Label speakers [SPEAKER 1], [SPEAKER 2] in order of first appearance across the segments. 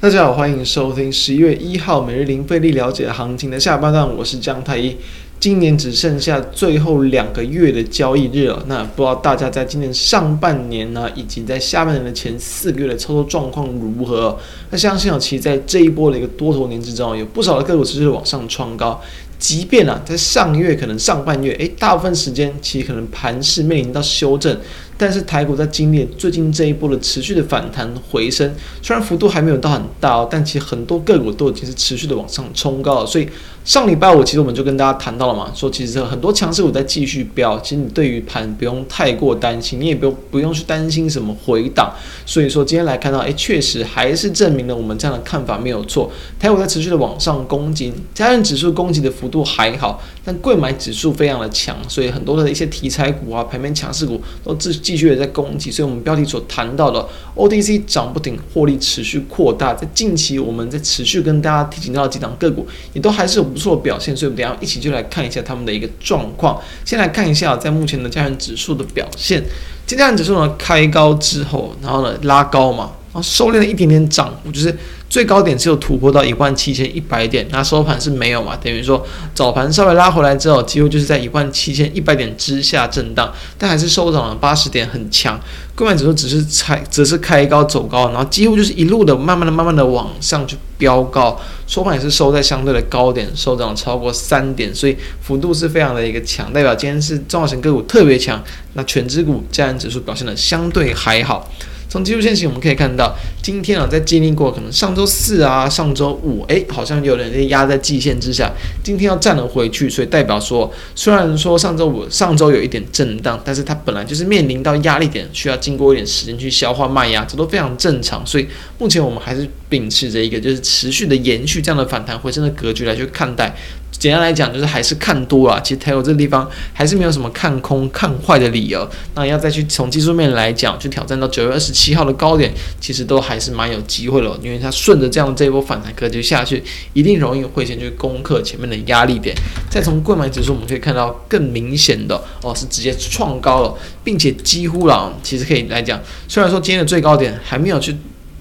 [SPEAKER 1] 大家好，歡迎收聽十一月一號每日零費力了解的行情的下半段。我是江太一。今年只剩下最後兩個月的交易日了，哦，那不知道大家在今年上半年呢，以及在下半年的前四個月的操作狀況如何？那相信啊，哦，其實在這一波的一個多頭年之中，有不少的個股持續往上創高。即便啊，在上月可能上半月，誒，大部分時間其實可能盤勢面臨到修正。但是台股在經歷最近這一波的持續的反彈回升，雖然幅度還沒有到很大，哦，但其實很多個股都已經是持續的往上衝高了。所以上禮拜五其實我們就跟大家談到了嘛，說其實很多強勢股在繼續飆，其實你對於盤不用太過擔心，你也不用不用去擔心什麼回檔。所以說今天來看到，誒、欸，確實還是證明了我們這樣的看法沒有錯。台股在持續的往上攻擊，加權指數攻擊的幅度還好，但櫃買指數非常的強，所以很多的一些題材股啊，盤面強勢股都自。繼續也在攻擊，所以，我們標題所談到的 OTC 漲不停，獲利持續擴大。在近期，我們在持續跟大家提醒到幾檔個股，也都還是有不錯的表現，所以我們等一下一起就來看一下他們的一個狀況。先來看一下在目前的加權指數的表現，加權指數呢開高之後，然後呢拉高嘛，然後收斂了一點點漲，我就是。最高點只有突破到一萬七千一百點，那收盤是沒有嘛？等於說早盤稍微拉回來之後，幾乎就是在一萬七千一百點之下震盪，但還是收漲了八十點，很強。櫃買指數只是開只是開高走高，然後幾乎就是一路的慢慢的、慢慢的往上去飆高，收盤也是收在相對的高點，收漲了超過三點，所以幅度是非常的一個強，代表今天是中小型個股特別強。那權值股、加權指數表現的相對還好。從技術線型我們可以看到，今天啊，在經歷過可能上周四啊、上周五，哎、欸，好像有人在壓在季線之下，今天要站了回去，所以代表說，雖然說上周五、上周有一點震盪，但是它本來就是面臨到壓力點，需要經過一點時間去消化賣壓，這都非常正常。所以目前我們還是秉持着一個就是持續的延續這樣的反彈回升的格局來去看待。簡單來講，就是還是看多啊。其實台灣這個地方還是沒有什麼看空、看壞的理由。那要再去從技術面來講，去挑戰到九月二十七。七號的高點其實都還是蠻有機會了、哦，因為它順着這樣的這一波反彈格局下去，一定容易會先去攻克前面的壓力點。再從櫃買指數我們可以看到更明顯的哦，是直接創高了，並且幾乎了，其實可以來講，雖然說今天的最高點還沒有去。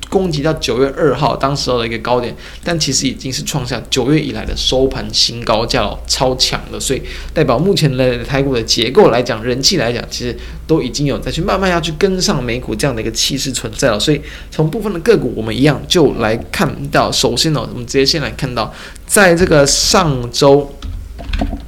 [SPEAKER 1] 攻擊到九月二號，當時候的一個高點，但其實已經是創下九月以來的收盤新高價了，超強的，所以代表目前的台股的結構來講，人氣來講，其實都已經有再去慢慢要去跟上美股這樣的一個氣勢存在了，所以從部分的個股，我們一樣就來看到，首先呢、喔，我們直接先來看到，在這個上周。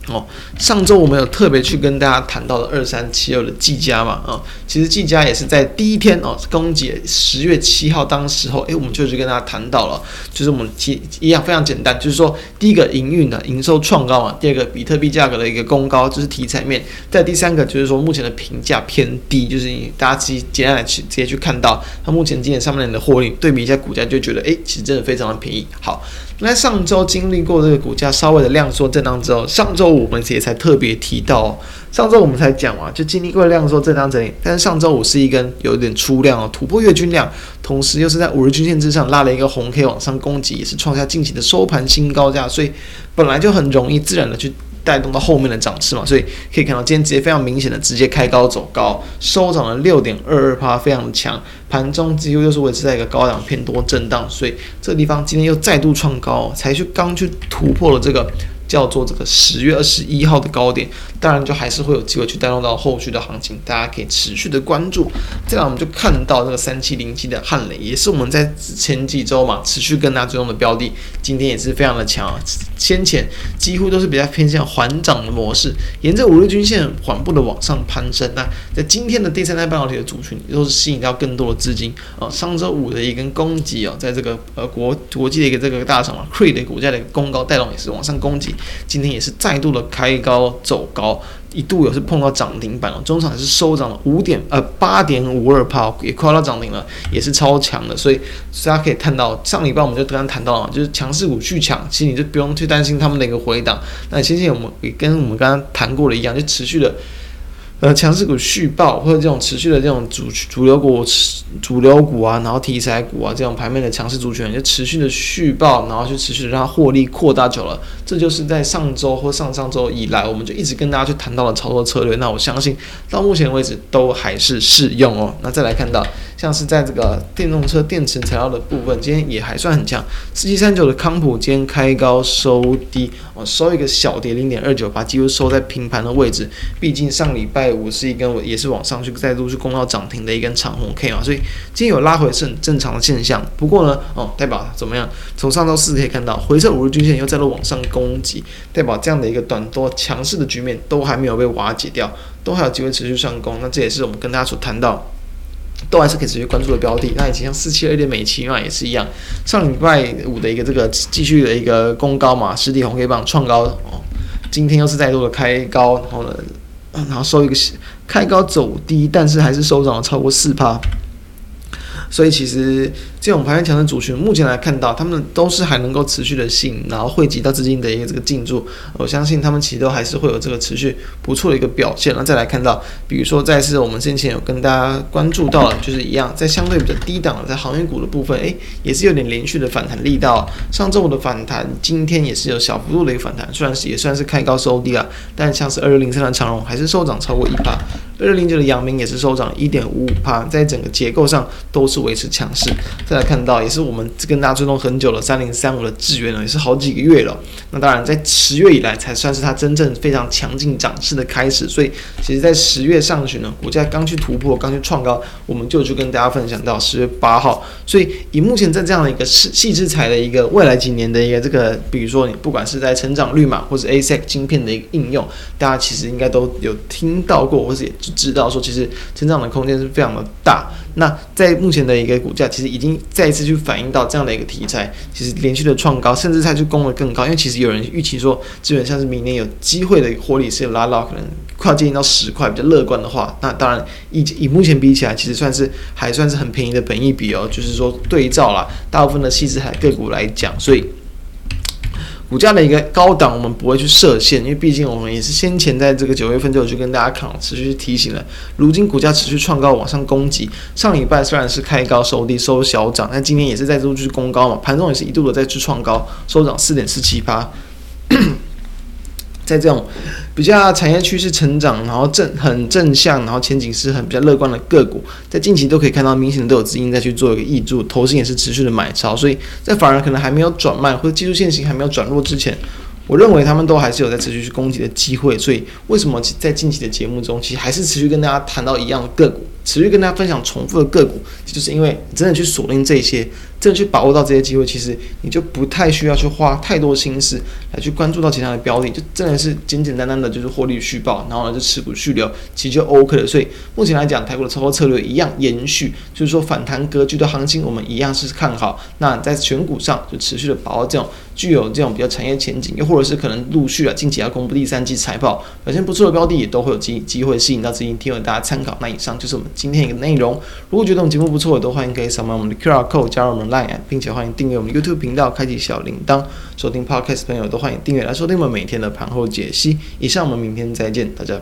[SPEAKER 1] 哦，上週我們有特別去跟大家談到了二三七六的技嘉嘛，啊、哦，其實技嘉也是在第一天哦，公節十月七號當時候，誒、欸，我們就去跟大家談到了，就是我們其一樣非常簡單，就是說第一個營運的營收創高嘛；第二個比特幣價格的一個攻高，就是題材面，再第三個就是說目前的評價偏低，就是大家自己接下來去直接去看到它目前今年上半年的獲利，對比一下股價就覺得，誒、欸，其實真的非常的便宜，好。那上周經歷過這個股價稍微的量縮震盪之後，上周五我們也才特別提到、喔，上周我們才講嘛，就經歷過量縮震盪整理，但是上周五是一根有點出、喔、量啊，突破月均量，同時又是在五日均線之上拉了一個紅 K 往上攻擊，也是創下近期的收盤新高價，所以本來就很容易自然的去。帶動到後面的漲勢嘛，所以可以看到今天直接非常明顯的直接開高走高，收漲了六點二二趴，非常的強。盤中幾乎又是維持在一個高檔偏多震盪，所以這個地方今天又再度創高、哦，才去剛去突破了這個叫做這個十月二十一號的高點。當然，就還是會有機會去帶動到後續的行情，大家可以持續的關注。這樣我們就看到這個三七零七的漢磊，也是我們在前幾周嘛持續跟大家追蹤的標的，今天也是非常的強啊。先前幾乎都是比較偏向緩漲的模式，沿着五日均線緩步的往上攀升。那在今天的第三代半導體的族群，都是吸引到更多的資金啊。上周五的一根攻擊啊、哦，在這個呃國國際的一個這個大廠嘛，Cree 的股價的一個攻高帶動也是往上攻擊，今天也是再度的開高走高。一度也是碰到漲停板了，中場也是收漲了五點呃八點五二趴，也快要到漲停了，也是超強的，所以，所以大家可以看到上禮拜我們就剛剛談到了，就是強勢股去搶，其實你就不用去擔心他們的一個回檔。那其實我們也跟我們剛剛談過的一樣，就持續的。呃，強勢股續抱，或者這種持續的這種主主流股、主流股啊，然後題材股啊，這種盤面的強勢族群就持續的續抱，然後去持續的讓它獲利擴大久了，這就是在上周或上上周以來，我們就一直跟大家去談到的操作策略。那我相信到目前為止都還是適用哦。那再來看到。像是在這個電動車電池材料的部分，今天也還算很強。四七三九的康普今天開高收低，哦，收一個小跌零點二九趴，幾乎收在平盤的位置。畢竟上禮拜五是一根也是往上去再度去攻到漲停的一根長紅 K 嘛，所以今天有拉回是很正常的現象。不過呢，哦，代表怎麼樣？從上周四可以看到回撤五日均線又再度往上攻擊，代表這樣的一個短多強勢的局面都還沒有被瓦解掉，都還有機會持續上攻。那這也是我們跟大家所談到。都還是可以持續關注的標的，那已經像四七二點美琪嘛，也是一樣，上禮拜五的一個這個繼續的一個攻高嘛，實體紅黑棒創高哦，今天又是再度的開高，然後呢，然後收一個開高走低，但是還是收漲了超過四趴。所以其實這種排面強的族群，目前來看到，他們都是還能夠持續的吸引，然後匯集到資金的一個這個進駐，我相信他們其實都還是會有這個持續不錯的一個表現。那再來看到，比如說再次我們之前有跟大家關注到的就是一樣，在相對比較低檔的在航運股的部分，哎，也是有點連續的反彈力道啊。上週五的反彈，今天也是有小幅度的一個反彈，雖然是也算是開高收低啊，但像是二六零三的長榮還是收漲超過1%。二六零九的陽明也是收漲一點五五帕，在整個結構上都是維持強勢。再來看到，也是我們跟大家追蹤很久了，三零三五的智原呢，也是好幾個月了。那當然，在十月以來才算是它真正非常強勁漲勢的開始。所以，其實在十月上旬呢，股價剛去突破，剛去創高，我們就去跟大家分享到十月八號。所以，以目前在這樣的一個矽智財的一個未來幾年的一個這個，比如說你不管是在成長率嘛，或是 ASIC 晶片的一個應用，大家其實應該都有聽到過，或是也。知道說，其實成長的空間是非常的大。那在目前的一個股價，其實已經再一次去反映到這樣的一個題材，其實連續的創高，甚至它就攻得更高。因為其實有人預期說，基本上是明年有機會的獲利是拉拉可能快要接近到十塊，比較樂觀的話，那當然以以目前比起來，其實算是還算是很便宜的本益比哦，就是說對照了大部分的汐子海個股來講，所以。股價的一個高檔，我們不會去設限，因為畢竟我們也是先前在這個九月份就有去跟大家講，持續提醒了。如今股價持續創高，往上攻擊。上禮拜雖然是開高收低，收小漲，但今天也是再度去攻高嘛，盤中也是一度的再去創高，收漲四點四七趴。 在這種比較產業趨勢成長，然後正很正向，然後前景是很比較樂觀的個股，在近期都可以看到明顯的都有資金再去做一個挹注，投資，也是持續的買超，所以在反而可能還沒有轉賣或者技術線型還沒有轉弱之前。我認為他們都還是有在持續去攻擊的機會，所以為什麼在近期的節目中，其實還是持續跟大家談到一樣的個股，持續跟大家分享重複的個股，就是因為真的去鎖定這些，真的去把握到這些機會，其實你就不太需要去花太多心思來去關注到其他的標的，就真的是簡簡單單的就是獲利續抱，然後呢就持股續留，其實就 OK 了。所以目前來講，台股的操作策略一樣延續，就是說反彈格局的行情，我們一樣是看好。那在選股上就持續的把握這種。具有這種比較產業前景，又或者是可能陸續啊，近期要公布第三季財報表現不錯的標的，也都會有機機會吸引到資金，提供大家參考。那以上就是我們今天一個內容。如果覺得我們節目不錯，也都歡迎可以掃描我們的 QR Code 加入我們的 Line，並且歡迎訂閱我們 YouTube 頻道，開啟小鈴鐺收聽 Podcast。朋友都歡迎訂閱來收聽我們每天的盤後解析。以上，我們明天再見，大家。